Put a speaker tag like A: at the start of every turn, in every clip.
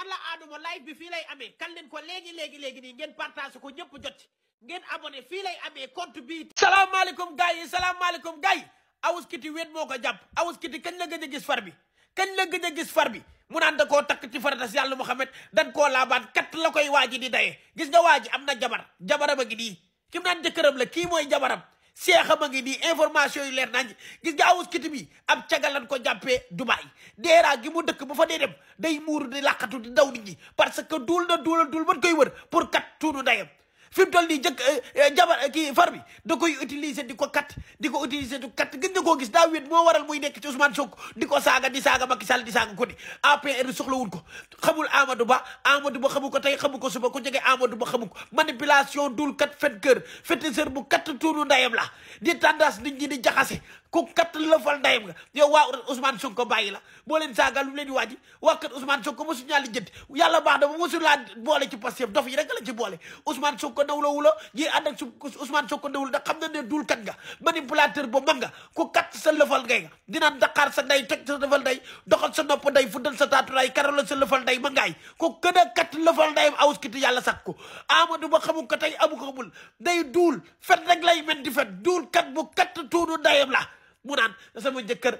A: alla aaduma live bi fii lay amee kan leen ko léegi léegi léegi nii ngeen partage ko ñëpp jot ngeen abonné fii lay amee compte bi salaamaaleykum gars yi salaamaaleykum gars yi Awuz Kiti wéet moo ko jàpp Awuz Kiti kañ la gëj a gis far bi kañ la gëj a gis far bi mu naan da koo takk ci faratas yàlla Muhammad dan koo laabaat kat la koy waaji di dayee gis nga waaji am na jabar jabarama gi nii ki mu naan jëkkëram la kii mooy jabaram seexa ma ngi nii information yu leer nañ gis nga awus kiti bi ab cagalan ko jàppee Dubaay deeraa gi mu dëkk bu fa dee day muuru di làqatu di daw nit ñi parce que duul na duulal duul mën koy wër pour kat tuunu ndayam fi mu toll nii jëkk eh, eh, jabar eh, kii far bi utiliser di ko kat di ko utiliser di ko kat gën nga koo gis daa wéet moo waral muy nekk ci Ousmane Sonko di ko saaga di saaga Macky Sall di saaga ko di APR bi soxlawul ko xamul Amadou Ba Amadou Ba xamu ko tey xamu ko suba ku jege Amadou Ba xamu ko manipulation dul kat fen kër fétiseur bu kat tuunu ndayam la di tendance nit ñi di jaxase ku kattan la fal ndayam nga yow waa Ousmane Sonko bàyyi la boo leen saagal lu leen waa kër Ousmane Sonko mosu ñaa li jënd yàlla baax na ba mosu laa boole ci Pastef dof yi rek la ci boole Ousmane Sonko nawlawu la ñi ànd ak su Ousmane Sonko nawul da xam na ne dul kat nga manipulateur ba mag nga ku katt sa lëfal ngay nga dinaan daqaar sa nday toj sa lëfal nday doxal sa nopp nday fuddal sa taatu nday karalo sa lëfal nday ma ngaay ku gën a katt lëfal ndayam awuskiti yàlla ko Amadou Ba xamul ko tey amu ko amul day duul fen rek lay men di fen duul kat bu katt tuunu ndayam la mu naan sama jëkkër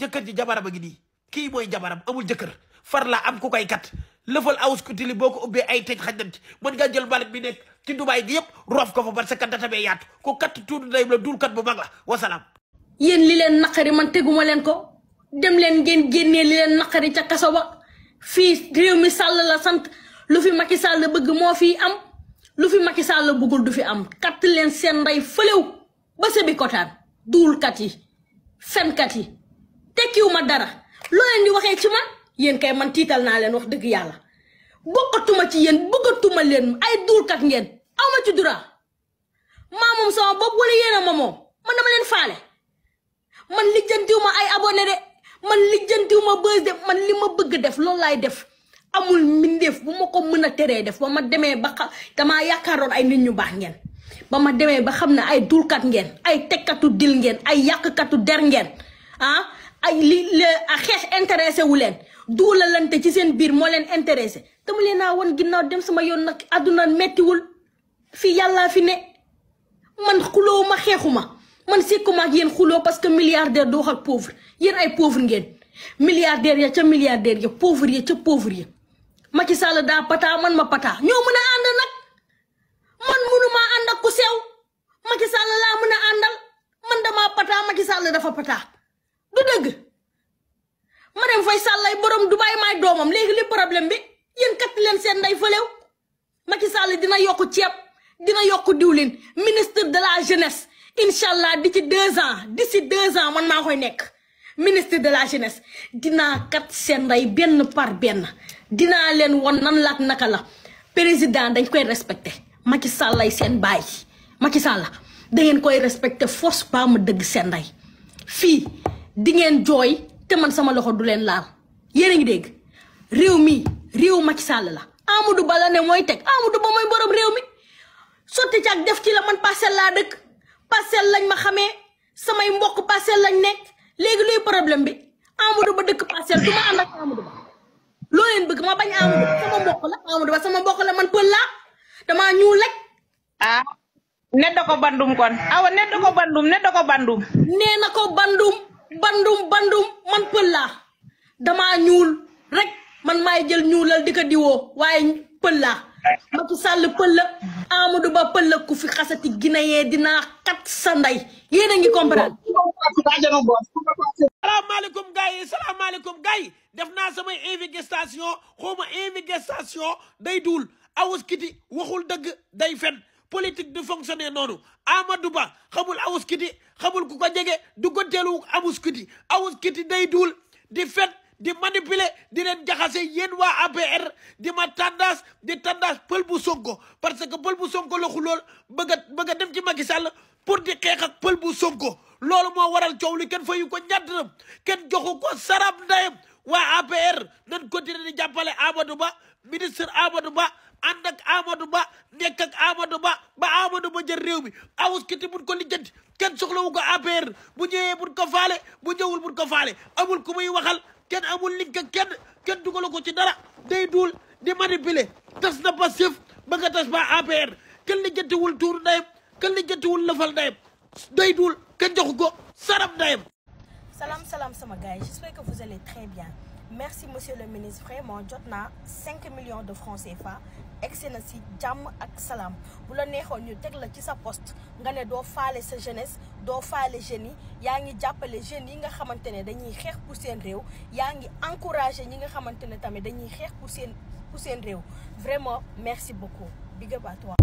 A: jëkkër ji jabaram a ngi nii kii mooy jabaram amul jëkkër far la am ku koy kat lëfal awus kutili boo ko ubbee ay tëj xaj nañ ci mën ngaa jël bale bi nekk ci Dubaay gi yëpp roof ko fa parce que bee yaatu ko kat tuuti ndeyam la dul kat bu mag la wasalaam.
B: yéen li leen naqari man teguma leen ko dem leen ngeen génnee li leen naqari ca kaso ba fii réew mi Sall la sant lu fi Macky Sall bëgg moo fi am lu fi Macky Sall bëggul du fi am kat leen seen ndey fëlew ba sebi kotaan duulkat yi fenkat yi tekkiwu ma dara loo leen di waxee ci man yéen kay man tiital naa leen wax dëgg yàlla bokkatuma ci yéen bëggatuma leen ay duulkat ngeen awma ci dura maa moom sama bopp wala yéen a ma moom man dama leen faale man lijjantiw ma ay abone de man lijjantiw ma bës de man li ma bëgg def loolu laay def amul mbindeef bu ma ko mën a teree def ba ma demee ba xa damaa yaakaaroon ay nit ñu baax ngeen ba ma demee ba xam na ay dulkat ngeen ay tekkatu dil ngeen ay yàqkatu der ngeen ah ay li la xeex intéressé wu leen duulalante ci seen biir moo leen intéressé te mu leen naa woon ginnaaw dem sama yoon nag àdduna mettiwul fii yàllaa fi ne man xuloo ma xeexu ma man sekkuma ak yéen xuloo parce que milliardaire du wax ak pauvre yéen ay pauvre ngeen milliardaire ya ca milliardaire ya pauvre ya ca pauvre ya daa pataa man ma pataa ñoo mën ànd nag man mënuma ànd ak ku sew Macky Sall laa mën a àndal man damaa pataa Macky Sall dafa pataa du dëgg Marème Faye Sall ay borom Dubaay maay doomam léegi li problème bi yéen kat leen seen nday fëlew Macky Sall dina yokk ceeb dina yokk diwlin ministre de la jeunesse incha allah di ci deux ans d'ici deux ans man maa koy nekk ministre de la jeunesse dinaa kat seen nday benn par benn dina leen won nan laat naka la président dañ koy respecté Macky Sall lay seen baay Macky Sall da ngeen koy respecté force ba mu dëgg seen ndey fii di ngeen jooy te man sama loxo du leen laal yéen a ngi dégg réew mi réew Macky Sall la. Amadou Ba la ne mooy teg Amadou Ba mooy borom réew mi sotti ci def ci la man parcelle laa dëkk parcelle lañ ma xamee samay mbokk parcelle lañ nekk léegi luy problème bi Amadou Ba dëkk parcelle du ma ànd ak bëgg ma bañ Amadou Ba sama mbokk la man pël damaa ñuul rek. ah nedda bandum kon awa nedda ko bandum nedda ko bandum. nee na bandum bandum bandum man pël laa ñuul rek man maay jël ñuulal di ko diwoo waaye pël laa. Macky Sall pël la Amadou Ba pël ku fi xasati Guinée dinaa
A: kat sa ndey a ngi comprendre. salaamaaleykum gars yi salaamaaleykum gars yi def naa samay investigation xaw ma investigation day duul. Awuskiti waxul dëgg day fen politique de fonctionner noonu Amadou Ba xamul Awuskiti xamul ku ko jege du ko teelu Awuskiti Awuskiti day duul di fen di manipuler di leen jaxase yéen waa APR di ma tendance di tendance pël bu Sonko parce que pël bu Sonko la xulool bëgg bëgg dem ci Macky Sall pour di xeex ak pël bu Sonko loolu moo waral coow li kenn fayu ko ñàtt na kenn joxu ko sarab ndayam waa APR nan continuer di jàppale Amadou Ba ministre Amadou Ba jël réew mi awus kiti buñ ko lijjanti kenn soxlawu ko APR bu ñëwee buñ ko faale bu wul buñ ko faale amul ku muy waxal kenn amul link kenn kenn dugalu ko ci dara day duul di manipuler tas na Pastef ba nga tas ba APR kenn lijjantiwul tuur ndayem kenn lijjantiwul lëfal ndayem day duul kenn joxu ko sarab ndayem
B: salaam salaam sama gars yi j'espère que vous allez très bien merci monsieur le ministre vraiment jot na 5 millions de francs CFA egsi na si jàmm ak salaam bu la neexoon ñu teg la ci sa post nga ne doo faale sa jeunesse doo faale jeunes yi yaa ngi jàppale jeunes yi nga xamante ne dañuy xeex pour seen réew yaa ngi encouragé ñi nga xamante ne tamit dañuy xeex pour seen pour seen réew vraiment merci beaucoup big up à toi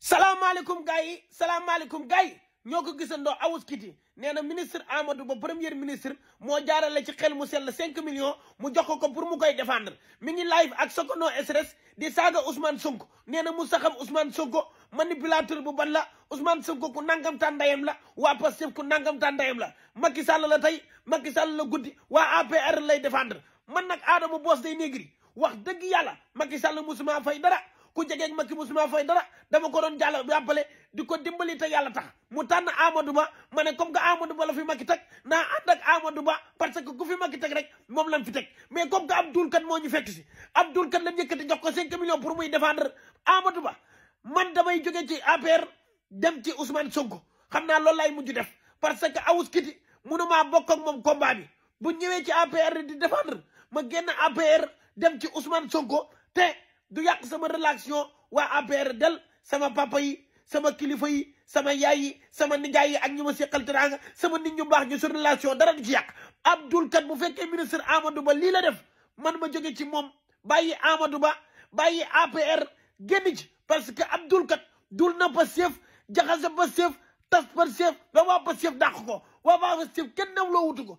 A: salaamaaleykum gars ñoo ko gisandoo awuskiti nee na ministre Amadou Ba premier ministre moo jaarale ci xel mu sell cinq millions mu jox ko pour mu koy défendre mi ngi live ak no SRS di saaga Ousmane Sonko nee na mu saxam Ousmane Sonko manipulateur bu ban la Ousmane Sonko ku nangam tàndayam la waa Pastef ku nangam tàndayam la Macky Sall la tey Macky Sall la guddi waa APR lay défendre man nag Adama Boss Day Negri wax dëgg yàlla Macky Sall musuma fay dara. ku jegeeg Macky musuma fay dara dama ko doon bi jàppale di ko dimbali te yàlla tax mu tànn Amadou Ba ma ne comme que Amadou Ba la fi Macky teg naa ànd ak Amadou Ba parce que ku fi Macky teg rek moom lañ fi teg mais kom que Abdoul kat moo ñu fekk si Abdoul Kane lañ yëkkati jox ko 5 millions pour muy défendre Amadou Ba man damay jóge ci APR dem ci Ousmane Sonko xam naa loolu laay mujj def parce que awus kiti mënumaa bokk ak moom combat bi bu ñëwee ci APR di défendre ma génn APR dem ci Ousmane Sonko te. du yàq sama relation waa APR del sama papa yi sama kilifa yi sama yaay yi sama nijaay yi ak ñi ma seqal teraanga sama nit baax ñu sa relation dara du ci yàq Abdoul Kane bu fekkee ministre Amadou Ba lii la def man ma jóge ci moom bàyyi Amadou Ba bàyyi APR génn ci parce que Abdoul Kane dul na pa seef jaxase pa seef tas pa seef ba waa pa seef ko waa waa pa seef kenn nawloo wutu ko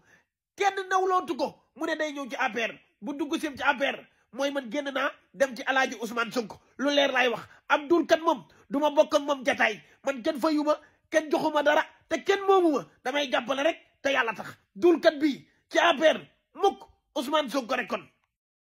A: kenn nawlootu ko mu ne day ñëw ci APR bu dugg seef ci APR mooy man génn naa dem ci alaaji Ousmane Sonko lu leer laay wax Abdoul kat moom du ma bokk moom jataay man kenn fayu ma kenn joxuma dara te kenn moomu ma damay jàppale rek te yàlla tax dul kat bii ci APR mukk
B: Ousmane Sonko rek kon